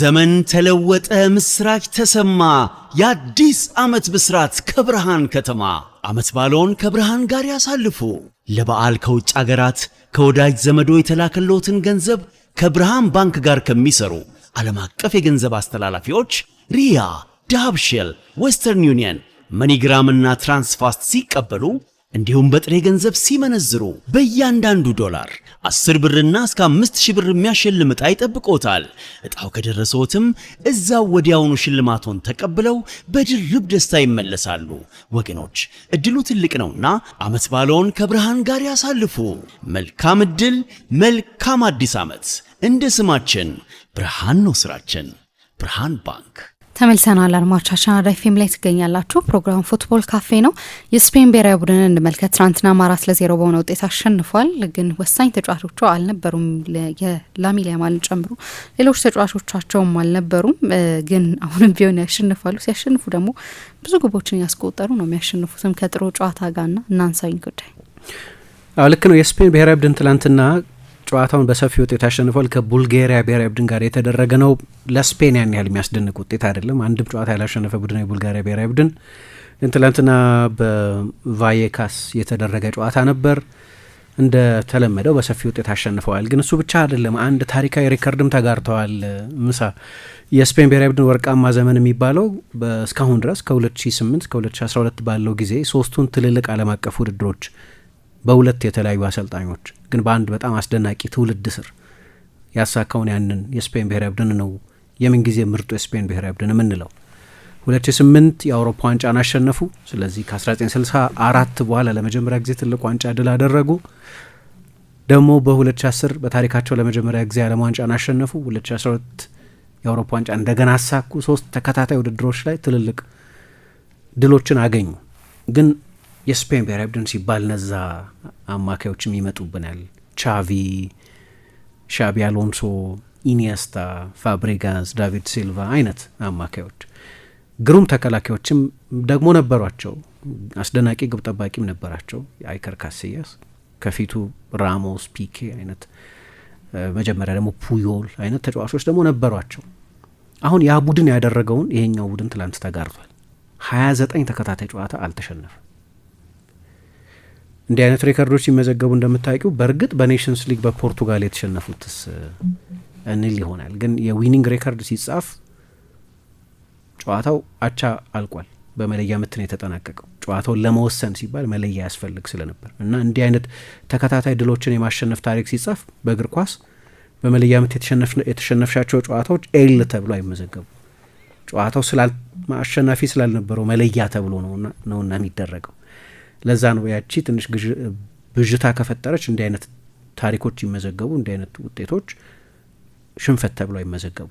ዘመን ተለወጠ፣ ምስራች ተሰማ፣ የአዲስ ዓመት ብስራት ከብርሃን ከተማ። ዓመት ባለውን ከብርሃን ጋር ያሳልፉ። ለበዓል ከውጭ አገራት ከወዳጅ ዘመዶ የተላከሎትን ገንዘብ ከብርሃን ባንክ ጋር ከሚሰሩ ዓለም አቀፍ የገንዘብ አስተላላፊዎች ሪያ፣ ዳብሽል፣ ዌስተርን ዩኒየን፣ መኒግራምና ትራንስፋስት ሲቀበሉ እንዲሁም በጥሬ ገንዘብ ሲመነዝሩ በእያንዳንዱ ዶላር አስር ብርና እስከ አምስት ሺህ ብር የሚያሸልም ዕጣ ይጠብቆታል። ዕጣው ከደረሰዎትም እዛው ወዲያውኑ ሽልማቶን ተቀብለው በድርብ ደስታ ይመለሳሉ። ወገኖች እድሉ ትልቅ ነውና ዓመት ባለውን ከብርሃን ጋር ያሳልፉ። መልካም እድል፣ መልካም አዲስ ዓመት። እንደ ስማችን ብርሃን ነው ስራችን። ብርሃን ባንክ ተመልሰናል አድማጮቻችን፣ አራዳ ኤፍ ኤም ላይ ትገኛላችሁ። ፕሮግራም ፉትቦል ካፌ ነው። የስፔን ብሔራዊ ቡድን እንመልከት። ትናንትና አራት ለዜሮ በሆነ ውጤት አሸንፏል። ግን ወሳኝ ተጫዋቾቹ አልነበሩም። የላሚን ያማልን ጨምሮ ሌሎች ተጫዋቾቻቸውም አልነበሩም። ግን አሁንም ቢሆን ያሸንፋሉ። ሲያሸንፉ ደግሞ ብዙ ግቦችን ያስቆጠሩ ነው የሚያሸንፉትም ከጥሩ ጨዋታ ጋርና እናንሳዊን ጉዳይ ልክ ነው። የስፔን ብሔራዊ ቡድን ትላንትና ጨዋታውን በሰፊ ውጤት አሸንፏል። ከቡልጋሪያ ብሔራዊ ቡድን ጋር የተደረገ ነው። ለስፔን ያን ያህል የሚያስደንቅ ውጤት አይደለም። አንድም ጨዋታ ያላሸነፈ ቡድን የቡልጋሪያ ብሔራዊ ቡድን። ትናንትና በቫየካስ የተደረገ ጨዋታ ነበር። እንደተለመደው በሰፊ ውጤት አሸንፈዋል። ግን እሱ ብቻ አይደለም፣ አንድ ታሪካዊ ሪከርድም ተጋርተዋል። ምሳ የስፔን ብሔራዊ ቡድን ወርቃማ ዘመን የሚባለው እስካሁን ድረስ ከ2008 እስከ 2012 ባለው ጊዜ ሶስቱን ትልልቅ ዓለም አቀፍ ውድድሮች በሁለት የተለያዩ አሰልጣኞች ግን በአንድ በጣም አስደናቂ ትውልድ ስር ያሳካውን ያንን የስፔን ብሔራዊ ቡድን ነው የምንጊዜ ምርጡ የስፔን ብሔራዊ ቡድን የምንለው። 2008 የአውሮፓ ዋንጫን አሸነፉ። ስለዚህ ከ1964 በኋላ ለመጀመሪያ ጊዜ ትልቅ ዋንጫ ድል አደረጉ። ደግሞ በ2010 በታሪካቸው ለመጀመሪያ ጊዜ ዓለም ዋንጫን አሸነፉ። 2012 የአውሮፓ ዋንጫ እንደገና አሳኩ። ሶስት ተከታታይ ውድድሮች ላይ ትልልቅ ድሎችን አገኙ ግን የስፔን ብሔራዊ ቡድን ሲባል እነዛ አማካዮችም ይመጡብናል። ቻቪ፣ ሻቢ አሎንሶ፣ ኢኒያስታ፣ ፋብሪጋዝ፣ ዳቪድ ሲልቫ አይነት አማካዮች ግሩም ተከላካዮችም ደግሞ ነበሯቸው። አስደናቂ ግብ ጠባቂም ነበራቸው። አይከር ካስያስ ከፊቱ ራሞስ፣ ፒኬ አይነት መጀመሪያ ደግሞ ፑዮል አይነት ተጫዋቾች ደግሞ ነበሯቸው። አሁን ያ ቡድን ያደረገውን ይሄኛው ቡድን ትላንት ተጋርቷል። ዘጠኝ ተከታታይ ጨዋታ አልተሸነፈ እንዲህ አይነት ሬከርዶች ሲመዘገቡ እንደምታውቂው በእርግጥ በኔሽንስ ሊግ በፖርቱጋል የተሸነፉትስ እንል ይሆናል። ግን የዊኒንግ ሬከርድ ሲጻፍ ጨዋታው አቻ አልቋል፣ በመለያ ምት ነው የተጠናቀቀው። ጨዋታውን ለመወሰን ሲባል መለያ ያስፈልግ ስለነበር እና እንዲህ አይነት ተከታታይ ድሎችን የማሸነፍ ታሪክ ሲጻፍ በእግር ኳስ በመለያ ምት የተሸነፍሻቸው ጨዋታዎች ኤል ተብሎ አይመዘገቡ። ጨዋታው አሸናፊ ስላልነበረው መለያ ተብሎ ነውና የሚደረገው ለዛ ነው ያቺ ትንሽ ብዥታ ከፈጠረች እንዲህ አይነት ታሪኮች ይመዘገቡ፣ እንዲህ አይነት ውጤቶች ሽንፈት ተብሎ ይመዘገቡ።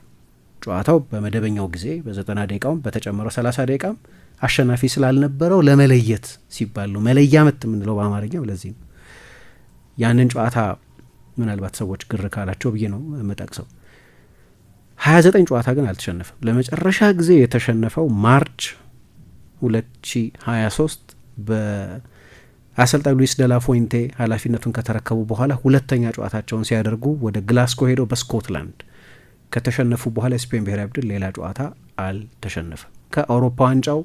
ጨዋታው በመደበኛው ጊዜ በዘጠና ደቂቃውም በተጨመረው ሰላሳ ደቂቃም አሸናፊ ስላልነበረው ለመለየት ሲባል ነው። መለያ ምት የምንለው በአማርኛ ለዚህ ነው። ያንን ጨዋታ ምናልባት ሰዎች ግር ካላቸው ብዬ ነው የምጠቅሰው። ሀያ ዘጠኝ ጨዋታ ግን አልተሸነፈም። ለመጨረሻ ጊዜ የተሸነፈው ማርች ሁለት ሺ ሀያ ሶስት በአሰልጣኝ ሉዊስ ደላፎይንቴ ኃላፊነቱን ከተረከቡ በኋላ ሁለተኛ ጨዋታቸውን ሲያደርጉ ወደ ግላስኮ ሄደው በስኮትላንድ ከተሸነፉ በኋላ የስፔን ብሔራዊ ቡድን ሌላ ጨዋታ አልተሸነፈም። ከአውሮፓ ዋንጫው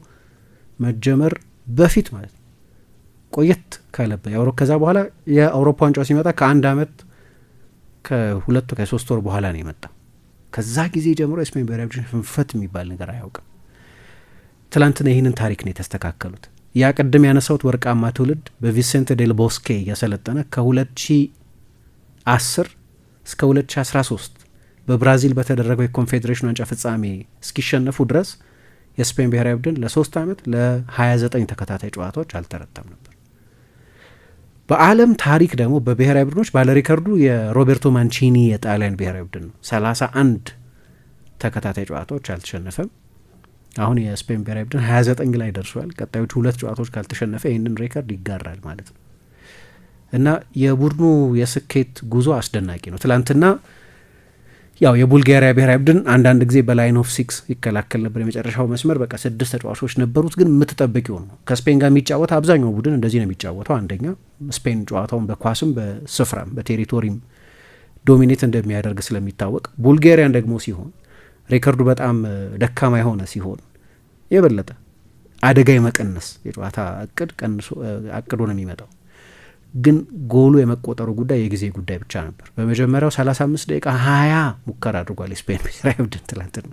መጀመር በፊት ማለት ነው። ቆየት ካለበ ከዛ በኋላ የአውሮፓ ዋንጫው ሲመጣ ከአንድ አመት ከሁለት ከሶስት ወር በኋላ ነው የመጣ። ከዛ ጊዜ ጀምሮ የስፔን ብሔራዊ ቡድን ሽንፈት የሚባል ነገር አያውቅም። ትላንትና ይህንን ታሪክ ነው የተስተካከሉት። ያ ቅድም ያነሳሁት ወርቃማ ትውልድ በቪሴንት ዴል ቦስኬ እያሰለጠነ ከ2010 እስከ 2013 በብራዚል በተደረገው የኮንፌዴሬሽን ዋንጫ ፍጻሜ እስኪሸነፉ ድረስ የስፔን ብሔራዊ ቡድን ለሶስት ዓመት ለ29 ተከታታይ ጨዋታዎች አልተረታም ነበር። በዓለም ታሪክ ደግሞ በብሔራዊ ቡድኖች ባለሪከርዱ የሮቤርቶ ማንቺኒ የጣሊያን ብሔራዊ ቡድን ነው። 31 ተከታታይ ጨዋታዎች አልተሸነፈም። አሁን የስፔን ብሔራዊ ቡድን ሀያ ዘጠኝ ላይ ደርሷል። ቀጣዮቹ ሁለት ጨዋታዎች ካልተሸነፈ ይህንን ሬከርድ ይጋራል ማለት ነው እና የቡድኑ የስኬት ጉዞ አስደናቂ ነው። ትላንትና ያው የቡልጋሪያ ብሔራዊ ቡድን አንዳንድ ጊዜ በላይን ኦፍ ሲክስ ይከላከል ነበር። የመጨረሻው መስመር በቃ ስድስት ተጫዋቾች ነበሩት፣ ግን የምትጠብቅ ይሆኑ ከስፔን ጋር የሚጫወት አብዛኛው ቡድን እንደዚህ ነው የሚጫወተው። አንደኛ ስፔን ጨዋታውን በኳስም በስፍራም በቴሪቶሪም ዶሚኔት እንደሚያደርግ ስለሚታወቅ ቡልጋሪያን ደግሞ ሲሆን ሬከርዱ በጣም ደካማ የሆነ ሲሆን የበለጠ አደጋ የመቀነስ የጨዋታ እቅድ ቀንሶ አቅዶ ነው የሚመጣው። ግን ጎሉ የመቆጠሩ ጉዳይ የጊዜ ጉዳይ ብቻ ነበር። በመጀመሪያው 35 ደቂቃ ሀያ ሙከራ አድርጓል የስፔን ብሔራዊ ቡድን። ትላንትና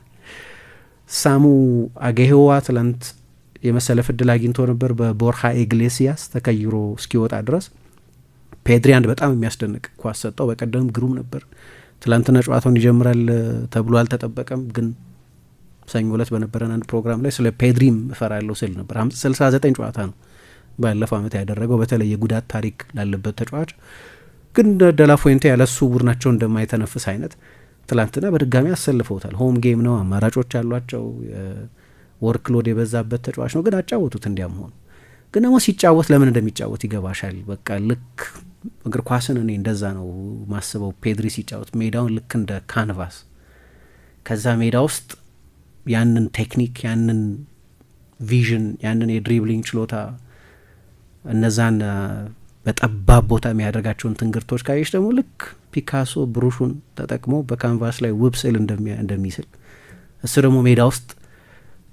ሳሙ አጌህዋ ትላንት የመሰለፍ እድል አግኝቶ ነበር። በቦርሃ ኤግሌሲያስ ተከይሮ እስኪወጣ ድረስ ፔድሪ አንድ በጣም የሚያስደንቅ ኳስ ሰጠው። በቀደም ግሩም ነበር። ትላንትና ጨዋታውን ይጀምራል ተብሎ አልተጠበቀም፣ ግን ሰኞ ዕለት በነበረን አንድ ፕሮግራም ላይ ስለ ፔድሪም እፈራለሁ ስል ነበር። ስልሳ ዘጠኝ ጨዋታ ነው ባለፈው ዓመት ያደረገው በተለይ የጉዳት ታሪክ ላለበት ተጫዋች ግን ደላፎይንቴ ያለሱ ቡድናቸው እንደማይተነፍስ አይነት ትላንትና በድጋሚ አሰልፈውታል። ሆም ጌም ነው፣ አማራጮች ያሏቸው ወርክሎድ የበዛበት ተጫዋች ነው፣ ግን አጫወቱት። እንዲያም ሆኑ ግን ደግሞ ሲጫወት ለምን እንደሚጫወት ይገባሻል። በቃ ልክ እግር ኳስን እኔ እንደዛ ነው ማስበው። ፔድሪ ሲጫወት ሜዳውን ልክ እንደ ካንቫስ፣ ከዛ ሜዳ ውስጥ ያንን ቴክኒክ፣ ያንን ቪዥን፣ ያንን የድሪብሊንግ ችሎታ እነዛን በጠባብ ቦታ የሚያደርጋቸውን ትንግርቶች ካየች ደግሞ ልክ ፒካሶ ብሩሹን ተጠቅሞ በካንቫስ ላይ ውብ ስዕል እንደሚስል እሱ ደግሞ ሜዳ ውስጥ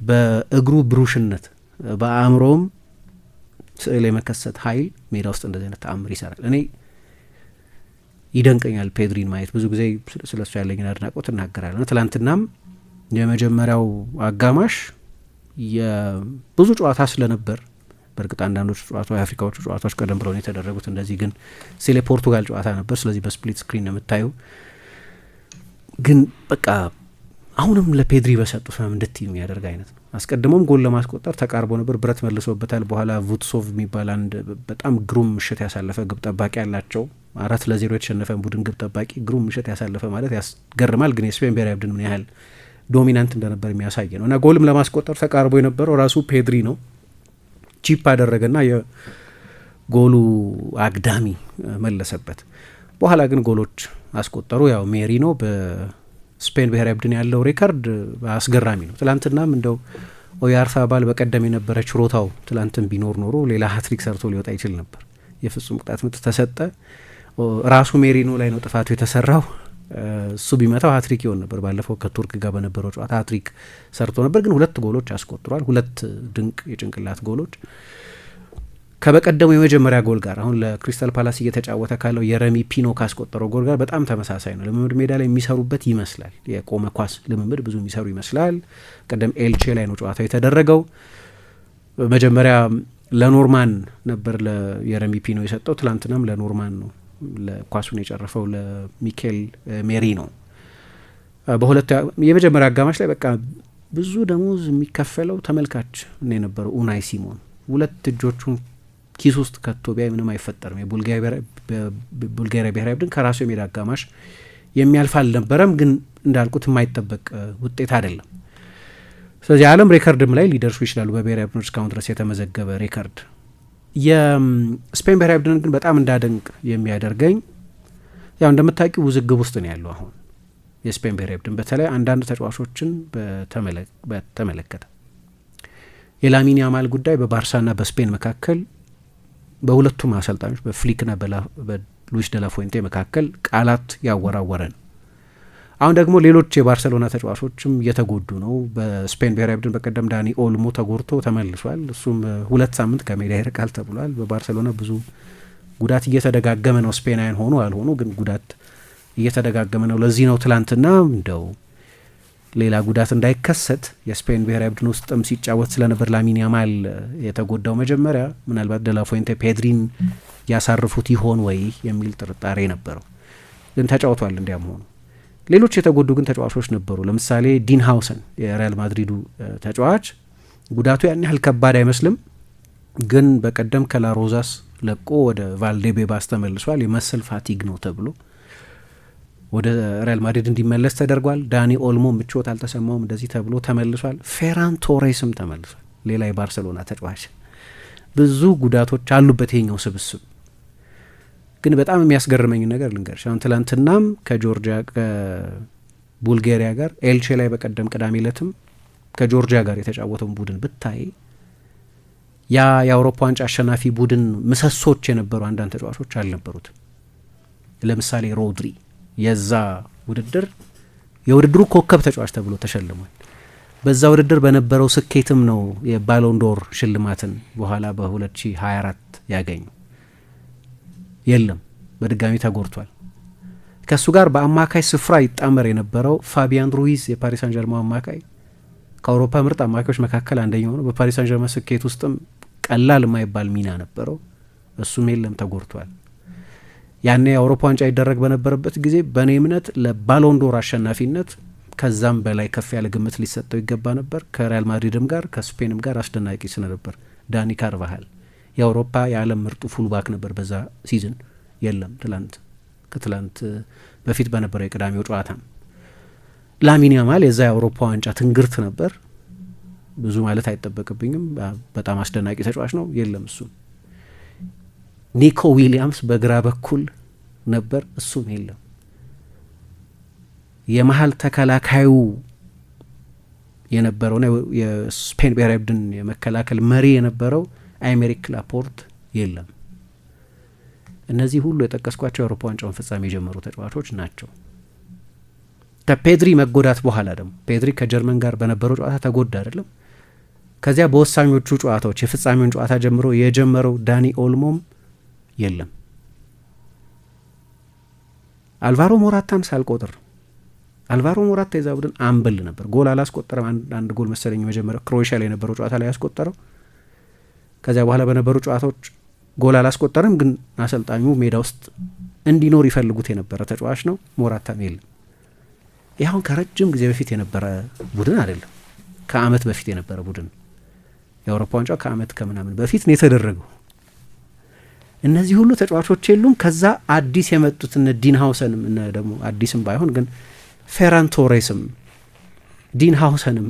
በእግሩ ብሩሽነት በአእምሮውም ስዕል የመከሰት ኃይል ሜዳ ውስጥ እንደዚህ አይነት ተአምር ይሰራል። እኔ ይደንቀኛል ፔድሪን ማየት። ብዙ ጊዜ ስለ እሱ ያለኝን አድናቆት እናገራለሁ። ትላንትናም የመጀመሪያው አጋማሽ ብዙ ጨዋታ ስለነበር በእርግጥ አንዳንዶቹ ጨዋታ የአፍሪካዎቹ ጨዋታዎች ቀደም ብለው የተደረጉት እንደዚህ ግን ሲል የፖርቱጋል ጨዋታ ነበር። ስለዚህ በስፕሊት ስክሪን ነው የምታዩ። ግን በቃ አሁንም ለፔድሪ በሰጡት ምናምን እንድትይ የሚያደርግ አይነት አስቀድሞም ጎል ለማስቆጠር ተቃርቦ ነበር፣ ብረት መልሶበታል። በኋላ ቩትሶቭ የሚባል አንድ በጣም ግሩም ምሽት ያሳለፈ ግብ ጠባቂ ያላቸው አራት ለዜሮ የተሸነፈ ቡድን ግብ ጠባቂ ግሩም ምሽት ያሳለፈ ማለት ያስገርማል። ግን የስፔን ብሔራዊ ቡድን ምን ያህል ዶሚናንት እንደነበር የሚያሳይ ነው እና ጎልም ለማስቆጠር ተቃርቦ የነበረው ራሱ ፔድሪ ነው። ቺፕ አደረገና የጎሉ አግዳሚ መለሰበት። በኋላ ግን ጎሎች አስቆጠሩ። ያው ሜሪ ነው በ ስፔን ብሔራዊ ቡድን ያለው ሪካርድ አስገራሚ ነው። ትላንትናም እንደው ኦያርታ ባል በቀደም የነበረ ችሮታው ትላንትን ቢኖር ኖሮ ሌላ ሀትሪክ ሰርቶ ሊወጣ ይችል ነበር። የፍጹም ቅጣት ምት ተሰጠ። ራሱ ሜሪኖ ላይ ነው ጥፋቱ የተሰራው። እሱ ቢመታው ሀትሪክ ይሆን ነበር። ባለፈው ከቱርክ ጋር በነበረው ጨዋታ ሀትሪክ ሰርቶ ነበር፣ ግን ሁለት ጎሎች አስቆጥሯል። ሁለት ድንቅ የጭንቅላት ጎሎች ከበቀደሙ የመጀመሪያ ጎል ጋር አሁን ለክሪስታል ፓላስ እየተጫወተ ካለው የረሚ ፒኖ ካስቆጠረው ጎል ጋር በጣም ተመሳሳይ ነው። ልምምድ ሜዳ ላይ የሚሰሩበት ይመስላል። የቆመ ኳስ ልምምድ ብዙ የሚሰሩ ይመስላል። ቀደም ኤልቼ ላይ ነው ጨዋታው የተደረገው። መጀመሪያ ለኖርማን ነበር የረሚ ፒኖ የሰጠው፣ ትላንትናም ለኖርማን ነው ለኳሱን የጨረፈው ለሚኬል ሜሪ ነው። በሁለቱ የመጀመሪያ አጋማሽ ላይ በቃ ብዙ ደሞዝ የሚከፈለው ተመልካች ነው የነበረው ኡናይ ሲሞን ሁለት እጆቹን ኪስ ውስጥ ከቶ ቢያይ ምንም አይፈጠርም። የቡልጋሪያ ብሔራዊ ቡድን ከራሱ የሜዳ አጋማሽ የሚያልፍ አልነበረም፣ ግን እንዳልኩት የማይጠበቅ ውጤት አይደለም። ስለዚህ የዓለም ሬከርድም ላይ ሊደርሱ ይችላሉ። በብሔራዊ ቡድኖች እስካሁን ድረስ የተመዘገበ ሬከርድ። የስፔን ብሔራዊ ቡድን ግን በጣም እንዳደንቅ የሚያደርገኝ ያው እንደምታውቂው ውዝግብ ውስጥ ነው ያለው አሁን የስፔን ብሔራዊ ቡድን በተለይ አንዳንድ ተጫዋቾችን በተመለከተ የላሚን ያማል ጉዳይ በባርሳና በስፔን መካከል በሁለቱም አሰልጣኞች በፍሊክና በሉዊስ ደላፎይንቴ መካከል ቃላት ያወራወረ ነው። አሁን ደግሞ ሌሎች የባርሰሎና ተጫዋቾችም እየተጎዱ ነው። በስፔን ብሔራዊ ቡድን በቀደም ዳኒ ኦልሞ ተጎድቶ ተመልሷል። እሱም ሁለት ሳምንት ከሜዳ ይርቃል ተብሏል። በባርሰሎና ብዙ ጉዳት እየተደጋገመ ነው። ስፔናውያን ሆኑ አልሆኑ ግን ጉዳት እየተደጋገመ ነው። ለዚህ ነው ትላንትና እንደው ሌላ ጉዳት እንዳይከሰት የስፔን ብሔራዊ ቡድን ውስጥም ሲጫወት ስለነበር ላሚን ያማል የተጎዳው መጀመሪያ ምናልባት ደላፎይንቴ ፔድሪን ያሳርፉት ይሆን ወይ የሚል ጥርጣሬ ነበረው፣ ግን ተጫውቷል። እንዲያም ሆኑ ሌሎች የተጎዱ ግን ተጫዋቾች ነበሩ። ለምሳሌ ዲን ሀውሰን የሪያል ማድሪዱ ተጫዋች ጉዳቱ ያን ያህል ከባድ አይመስልም፣ ግን በቀደም ከላሮዛስ ለቆ ወደ ቫልዴቤባስ ተመልሷል። የመሰል ፋቲግ ነው ተብሎ ወደ ሪያል ማድሪድ እንዲመለስ ተደርጓል። ዳኒ ኦልሞ ምቾት አልተሰማውም እንደዚህ ተብሎ ተመልሷል። ፌራን ቶሬስም ተመልሷል። ሌላ የባርሰሎና ተጫዋች ብዙ ጉዳቶች አሉበት ይሄኛው ስብስብ። ግን በጣም የሚያስገርመኝ ነገር ልንገርሽ፣ አሁን ትላንትናም ከጆርጂያ ከቡልጋሪያ ጋር ኤልቼ ላይ በቀደም ቅዳሜ ለትም ከጆርጂያ ጋር የተጫወተውን ቡድን ብታይ ያ የአውሮፓ ዋንጫ አሸናፊ ቡድን ምሰሶች የነበሩ አንዳንድ ተጫዋቾች አልነበሩትም። ለምሳሌ ሮድሪ የዛ ውድድር የውድድሩ ኮከብ ተጫዋች ተብሎ ተሸልሟል። በዛ ውድድር በነበረው ስኬትም ነው የባሎንዶር ሽልማትን በኋላ በ2024 ያገኙ። የለም በድጋሚ ተጎድቷል። ከእሱ ጋር በአማካይ ስፍራ ይጣመር የነበረው ፋቢያን ሩይዝ የፓሪስ አንጀርማው ጀርማ አማካይ ከአውሮፓ ምርጥ አማካዮች መካከል አንደኛው ነው። በፓሪስ አንጀርማ ጀርማ ስኬት ውስጥም ቀላል የማይባል ሚና ነበረው። እሱም የለም ተጎድቷል። ያኔ የአውሮፓ ዋንጫ ይደረግ በነበረበት ጊዜ በእኔ እምነት ለባሎንዶር አሸናፊነት ከዛም በላይ ከፍ ያለ ግምት ሊሰጠው ይገባ ነበር። ከሪያል ማድሪድም ጋር ከስፔንም ጋር አስደናቂ ስለነበር ዳኒ ካርቫሃል የአውሮፓ የዓለም ምርጡ ፉልባክ ነበር በዛ ሲዝን። የለም ትላንት ከትላንት በፊት በነበረው የቅዳሜው ጨዋታም ላሚን ያማል የዛ የአውሮፓ ዋንጫ ትንግርት ነበር። ብዙ ማለት አይጠበቅብኝም። በጣም አስደናቂ ተጫዋች ነው። የለም እሱም ኒኮ ዊሊያምስ በግራ በኩል ነበር፣ እሱም የለም። የመሀል ተከላካዩ የነበረውና የስፔን ብሔራዊ ቡድን የመከላከል መሪ የነበረው አሜሪክ ላፖርት የለም። እነዚህ ሁሉ የጠቀስኳቸው የአውሮፓ ዋንጫውን ፍጻሜ የጀመሩ ተጫዋቾች ናቸው። ከፔድሪ መጎዳት በኋላ ደግሞ ፔድሪ ከጀርመን ጋር በነበረው ጨዋታ ተጎዳ አይደለም። ከዚያ በወሳኞቹ ጨዋታዎች የፍጻሜውን ጨዋታ ጀምሮ የጀመረው ዳኒ ኦልሞም የለም። አልቫሮ ሞራታን ሳልቆጥር አልቫሮ ሞራታ የዛ ቡድን አምበል ነበር። ጎል አላስቆጠረም። አንድ ጎል መሰለኝ መጀመሪያ ክሮኤሽያ ላይ የነበረው ጨዋታ ላይ ያስቆጠረው። ከዚያ በኋላ በነበሩ ጨዋታዎች ጎል አላስቆጠረም፣ ግን አሰልጣኙ ሜዳ ውስጥ እንዲኖር ይፈልጉት የነበረ ተጫዋች ነው። ሞራታም የለም። ይህ አሁን ከረጅም ጊዜ በፊት የነበረ ቡድን አይደለም። ከአመት በፊት የነበረ ቡድን የአውሮፓ ዋንጫ ከአመት ከምናምን በፊት ነው የተደረገው። እነዚህ ሁሉ ተጫዋቾች የሉም። ከዛ አዲስ የመጡት እነ ዲን ሀውሰንም እነ ደግሞ አዲስም ባይሆን ግን ፌራን ቶሬስም ዲን ሀውሰንም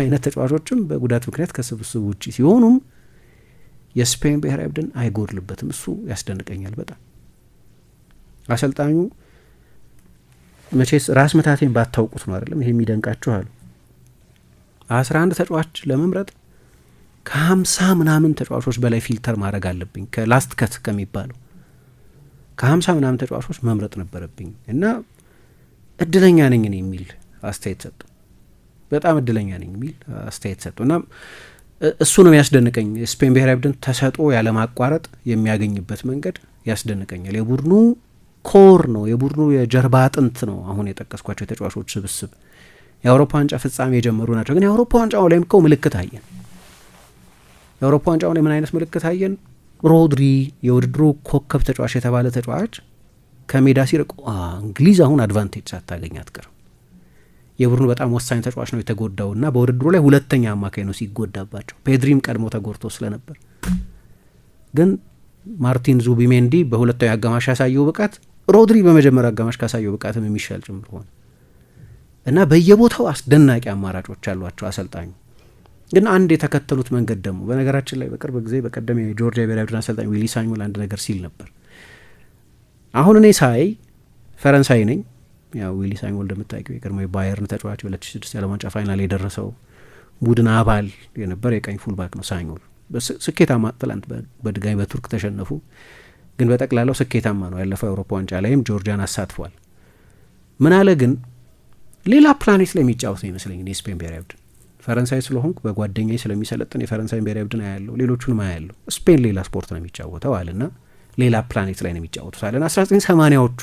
አይነት ተጫዋቾችም በጉዳት ምክንያት ከስብስብ ውጭ ሲሆኑም የስፔን ብሔራዊ ቡድን አይጎድልበትም። እሱ ያስደንቀኛል በጣም አሰልጣኙ መቼስ ራስ ምታቴን ባታውቁት ነው አይደለም ይሄ የሚደንቃችሁ አሉ አስራ አንድ ተጫዋች ለመምረጥ ከሀምሳ ምናምን ተጫዋቾች በላይ ፊልተር ማድረግ አለብኝ ከላስት ከት ከሚባለው ከሀምሳ ምናምን ተጫዋቾች መምረጥ ነበረብኝ እና እድለኛ ነኝ ነው የሚል አስተያየት ሰጡ። በጣም እድለኛ ነኝ የሚል አስተያየት ሰጡ እና እሱ ነው ያስደንቀኝ። ስፔን ብሔራዊ ቡድን ተሰጦ ያለማቋረጥ የሚያገኝበት መንገድ ያስደንቀኛል። የቡድኑ ኮር ነው፣ የቡድኑ የጀርባ አጥንት ነው። አሁን የጠቀስኳቸው የተጫዋቾች ስብስብ የአውሮፓ ዋንጫ ፍጻሜ የጀመሩ ናቸው። ግን የአውሮፓ ዋንጫ ላይም እኮ ምልክት አየን። የአውሮፓ ዋንጫው ላይ ምን አይነት ምልክት አየን? ሮድሪ የውድድሩ ኮከብ ተጫዋች የተባለ ተጫዋች ከሜዳ ሲርቅ እንግሊዝ አሁን አድቫንቴጅ ሳታገኝ አትቀርም። የቡድኑ በጣም ወሳኝ ተጫዋች ነው የተጎዳው እና በውድድሩ ላይ ሁለተኛ አማካኝ ነው ሲጎዳባቸው። ፔድሪም ቀድሞ ተጎድቶ ስለነበር ግን ማርቲን ዙቢሜንዲ በሁለታዊ አጋማሽ ያሳየው ብቃት ሮድሪ በመጀመሪያ አጋማሽ ካሳየው ብቃትም የሚሻል ጭምር ሆነ እና በየቦታው አስደናቂ አማራጮች አሏቸው አሰልጣኙ። ግን አንድ የተከተሉት መንገድ ደግሞ በነገራችን ላይ በቅርብ ጊዜ በቀደም የጆርጂያ ብሔራዊ ቡድን አሰልጣኝ ዊሊ ሳኙል አንድ ነገር ሲል ነበር። አሁን እኔ ሳይ ፈረንሳይ ነኝ። ያው ዊሊ ሳኙል እንደምታውቂው የቀድሞ የባየርን ተጫዋች በ2006 የዓለም ዋንጫ ፋይናል የደረሰው ቡድን አባል የነበር የቀኝ ፉልባክ ነው ሳኙል። ስኬታማ ትላንት በድጋሚ በቱርክ ተሸነፉ፣ ግን በጠቅላላው ስኬታማ ነው። ያለፈው የአውሮፓ ዋንጫ ላይም ጆርጂያን አሳትፏል። ምን አለ ግን ሌላ ፕላኔት ላይ የሚጫወት ነው ይመስለኝ የስፔን ብሔራዊ ቡድን ፈረንሳይ ስለሆንኩ በጓደኛዬ ስለሚሰለጥን የፈረንሳይን ብሔራዊ ቡድን አያለሁ፣ ሌሎቹንም አያለሁ። ስፔን ሌላ ስፖርት ነው የሚጫወተው አለና ሌላ ፕላኔት ላይ ነው የሚጫወቱት አለና 1980ዎቹ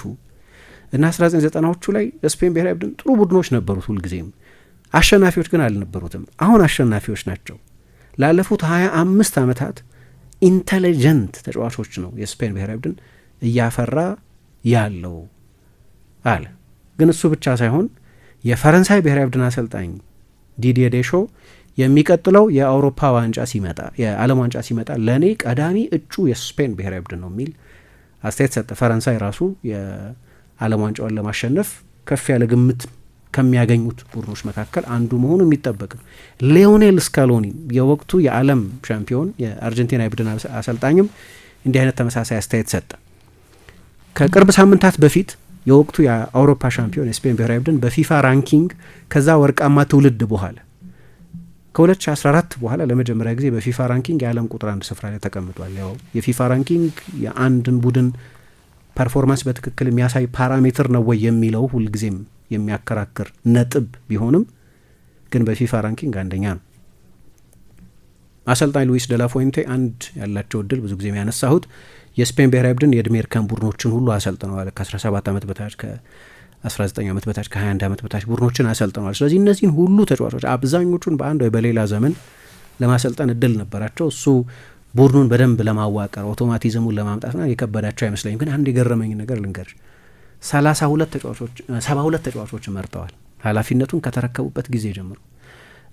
እና 1990ዎቹ ላይ ስፔን ብሔራዊ ቡድን ጥሩ ቡድኖች ነበሩት፣ ሁልጊዜም አሸናፊዎች ግን አልነበሩትም። አሁን አሸናፊዎች ናቸው። ላለፉት ሀያ አምስት ዓመታት ኢንተሊጀንት ተጫዋቾች ነው የስፔን ብሔራዊ ቡድን እያፈራ ያለው አለ። ግን እሱ ብቻ ሳይሆን የፈረንሳይ ብሔራዊ ቡድን አሰልጣኝ ዲዲየ ዴሾ የሚቀጥለው የአውሮፓ ዋንጫ ሲመጣ የዓለም ዋንጫ ሲመጣ ለእኔ ቀዳሚ እጩ የስፔን ብሔራዊ ቡድን ነው የሚል አስተያየት ሰጠ። ፈረንሳይ ራሱ የዓለም ዋንጫውን ለማሸነፍ ከፍ ያለ ግምት ከሚያገኙት ቡድኖች መካከል አንዱ መሆኑ የሚጠበቅ ነው። ሊዮኔል ስካሎኒ የወቅቱ የዓለም ሻምፒዮን የአርጀንቲና የቡድን አሰልጣኝም እንዲህ አይነት ተመሳሳይ አስተያየት ሰጠ። ከቅርብ ሳምንታት በፊት የወቅቱ የአውሮፓ ሻምፒዮን የስፔን ብሔራዊ ቡድን በፊፋ ራንኪንግ ከዛ ወርቃማ ትውልድ በኋላ ከ2014 በኋላ ለመጀመሪያ ጊዜ በፊፋ ራንኪንግ የዓለም ቁጥር አንድ ስፍራ ላይ ተቀምጧል። ያው የፊፋ ራንኪንግ የአንድን ቡድን ፐርፎርማንስ በትክክል የሚያሳይ ፓራሜትር ነው ወይ የሚለው ሁልጊዜም የሚያከራክር ነጥብ ቢሆንም ግን በፊፋ ራንኪንግ አንደኛ ነው። አሰልጣኝ ሉዊስ ደላፎይንቴ አንድ ያላቸው እድል ብዙ ጊዜ የሚያነሳሁት የስፔን ብሔራዊ ቡድን የእድሜ እርከን ቡድኖችን ሁሉ አሰልጥነዋል። ከ17 ዓመት በታች ከ19 ዓመት በታች ከ21 ዓመት በታች ቡድኖችን አሰልጥነዋል። ስለዚህ እነዚህን ሁሉ ተጫዋቾች አብዛኞቹን በአንድ ወይ በሌላ ዘመን ለማሰልጠን እድል ነበራቸው። እሱ ቡድኑን በደንብ ለማዋቀር ኦቶማቲዝሙን ና የከበዳቸው አይመስለኝም። ግን አንድ የገረመኝ ነገር ልንገር፣ ሁለት ተጫዋቾች ሁለት ተጫዋቾች መርጠዋል ኃላፊነቱን ከተረከቡበት ጊዜ ጀምሮ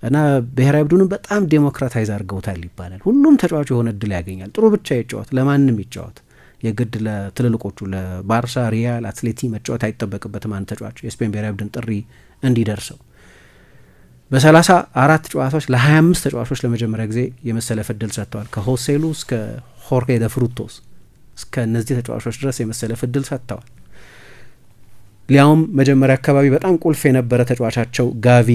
እና ብሔራዊ ቡድኑን በጣም ዴሞክራታይዝ አድርገውታል ይባላል። ሁሉም ተጫዋች የሆነ እድል ያገኛል። ጥሩ ብቻ ይጫወት፣ ለማንም ይጫወት። የግድ ለትልልቆቹ ለባርሳ፣ ሪያል፣ አትሌቲ መጫወት አይጠበቅበትም። አንድ ተጫዋች የስፔን ብሔራዊ ቡድን ጥሪ እንዲደርሰው በሰላሳ አራት ጨዋታዎች ለ25 ተጫዋቾች ለመጀመሪያ ጊዜ የመሰለፍ እድል ሰጥተዋል። ከሆሴሉ እስከ ሆርኬ ደፍሩቶስ እስከ እነዚህ ተጫዋቾች ድረስ የመሰለፍ እድል ሰጥተዋል። ሊያውም መጀመሪያ አካባቢ በጣም ቁልፍ የነበረ ተጫዋቻቸው ጋቪ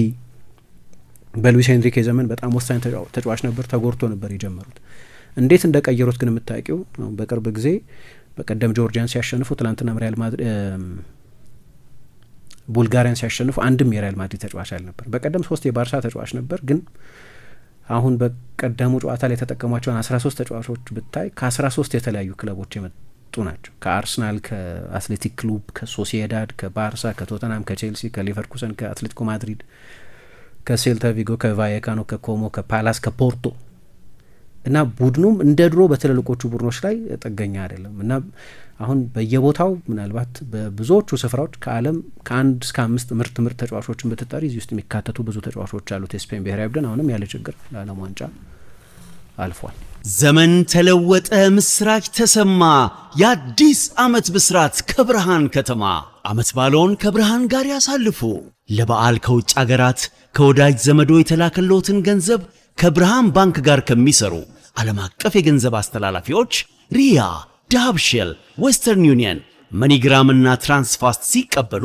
በሉዊስ ሄንሪኬ ዘመን በጣም ወሳኝ ተጫዋች ነበር። ተጎርቶ ነበር የጀመሩት። እንዴት እንደ ቀየሩት ግን የምታውቂው በቅርብ ጊዜ በቀደም ጆርጂያን ሲያሸንፉ፣ ትላንትናም ሪያል ማድሪድ ቡልጋሪያን ሲያሸንፉ አንድም የሪያል ማድሪድ ተጫዋች አልነበር። በቀደም ሶስት የባርሳ ተጫዋች ነበር ግን አሁን በቀደሙ ጨዋታ ላይ የተጠቀሟቸውን አስራ ሶስት ተጫዋቾች ብታይ ከአስራ ሶስት የተለያዩ ክለቦች የመጡ ናቸው። ከአርስናል፣ ከአትሌቲክ ክሉብ፣ ከሶሲዳድ፣ ከባርሳ፣ ከቶተናም፣ ከቼልሲ፣ ከሌቨርኩሰን፣ ከአትሌቲኮ ማድሪድ ከሴልታ ቪጎ፣ ከቫየካኖ፣ ከኮሞ፣ ከፓላስ፣ ከፖርቶ እና ቡድኑም እንደ ድሮ በትልልቆቹ ቡድኖች ላይ ጥገኛ አይደለም እና አሁን በየቦታው ምናልባት በብዙዎቹ ስፍራዎች ከዓለም ከአንድ እስከ አምስት ምርጥ ምርጥ ተጫዋቾችን ብትጠሪ እዚህ ውስጥ የሚካተቱ ብዙ ተጫዋቾች አሉት። የስፔን ብሔራዊ ቡድን አሁንም ያለ ችግር ለዓለም ዋንጫ አልፏል። ዘመን ተለወጠ፣ ምስራች ተሰማ፣ የአዲስ ዓመት ብስራት ከብርሃን ከተማ። ዓመት ባለውን ከብርሃን ጋር ያሳልፉ። ለበዓል ከውጭ አገራት ከወዳጅ ዘመዶ የተላከለትን ገንዘብ ከብርሃን ባንክ ጋር ከሚሰሩ ዓለም አቀፍ የገንዘብ አስተላላፊዎች ሪያ፣ ዳብሽል፣ ዌስተርን ዩኒየን፣ መኒግራም እና ትራንስፋስት ሲቀበሉ